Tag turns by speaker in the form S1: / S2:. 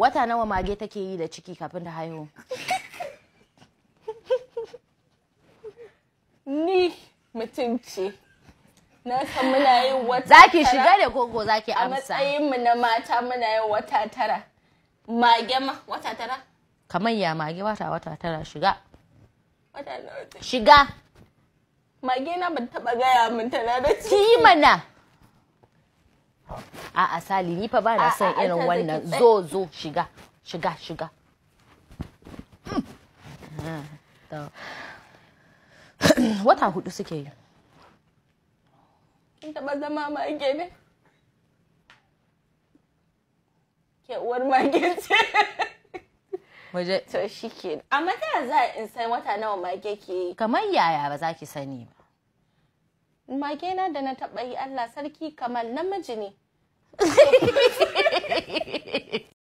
S1: wata nawa mage
S2: take yi da ciki kafin
S3: ta haihu ni mutum ce na san muna yin wata tara zaki shiga da koko zaki amsa a matsayin
S4: mu na mata muna yin wata tara mage ma wata tara
S1: kamar ya mage wata wata tara shiga shiga
S4: mage na ban taba gaya min tana da ci
S1: mana
S5: a'a sali ni fa ba na son irin wannan zo zo shiga shiga shiga
S1: hmm. Hmm. wata hudu suke yi
S4: kin taba zama mage ne ke uwar mage ce
S2: waje to shike
S4: amma ta za in san wata nawa mage ke
S2: kamar yaya ba za ki sani
S4: ba mage na da na taba yi Allah sarki kamar namiji ne Like,